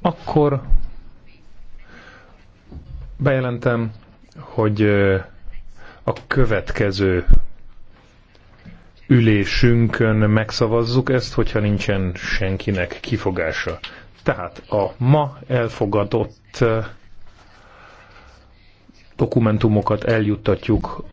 Akkor bejelentem, hogy a következő ülésünkön megszavazzuk ezt, hogyha nincsen senkinek kifogása. Tehát a ma elfogadott dokumentumokat eljuttatjuk